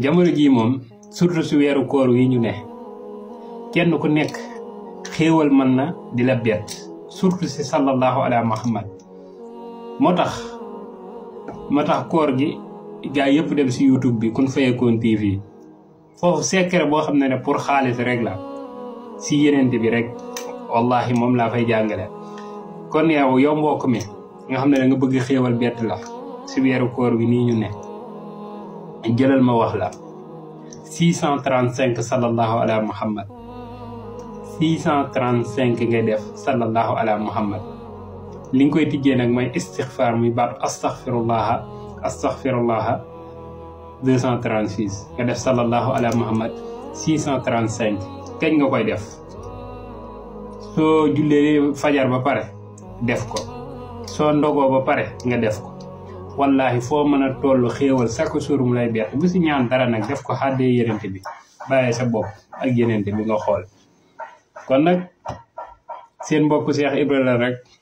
jamono jii moom surtout si weeru koor yi ñu ne kenn ku nekk xéewal mën na di la bett surtout si sallallahu ala muhammad moo tax moo tax koor gi gaa yëpp dem si youtube bi kun fayekoon tv foofu secret boo xam ne ne pour xaalis rek la si yenente bi rek wallahi moom laa fay jàngale kon yow yow mbokk mi nga xam ne da nga bëgg xéewal bett la si weeru koor wi nii ñu ne jëlal ma wax la 635 sallallahu ala muhammad 635 ngay def sallallahu ala muhammad li nga koy tijjee nag mooy istixfaar muy baat astaxfirullaha astaxfirullaha 236 nga def sallallahu ala muhammad 635 kañ nga koy def soo jullee fajar ba pare def ko soo ndogoo ba pare nga def ko wallahi foo mën a toll xéewal chaque jour mu lay bett bu si ñaan dara nag def ko xàddee yenente bi bàyyee sa bopp ak yenente bi nga xool kon nag seen mbokk seex Ibra la rek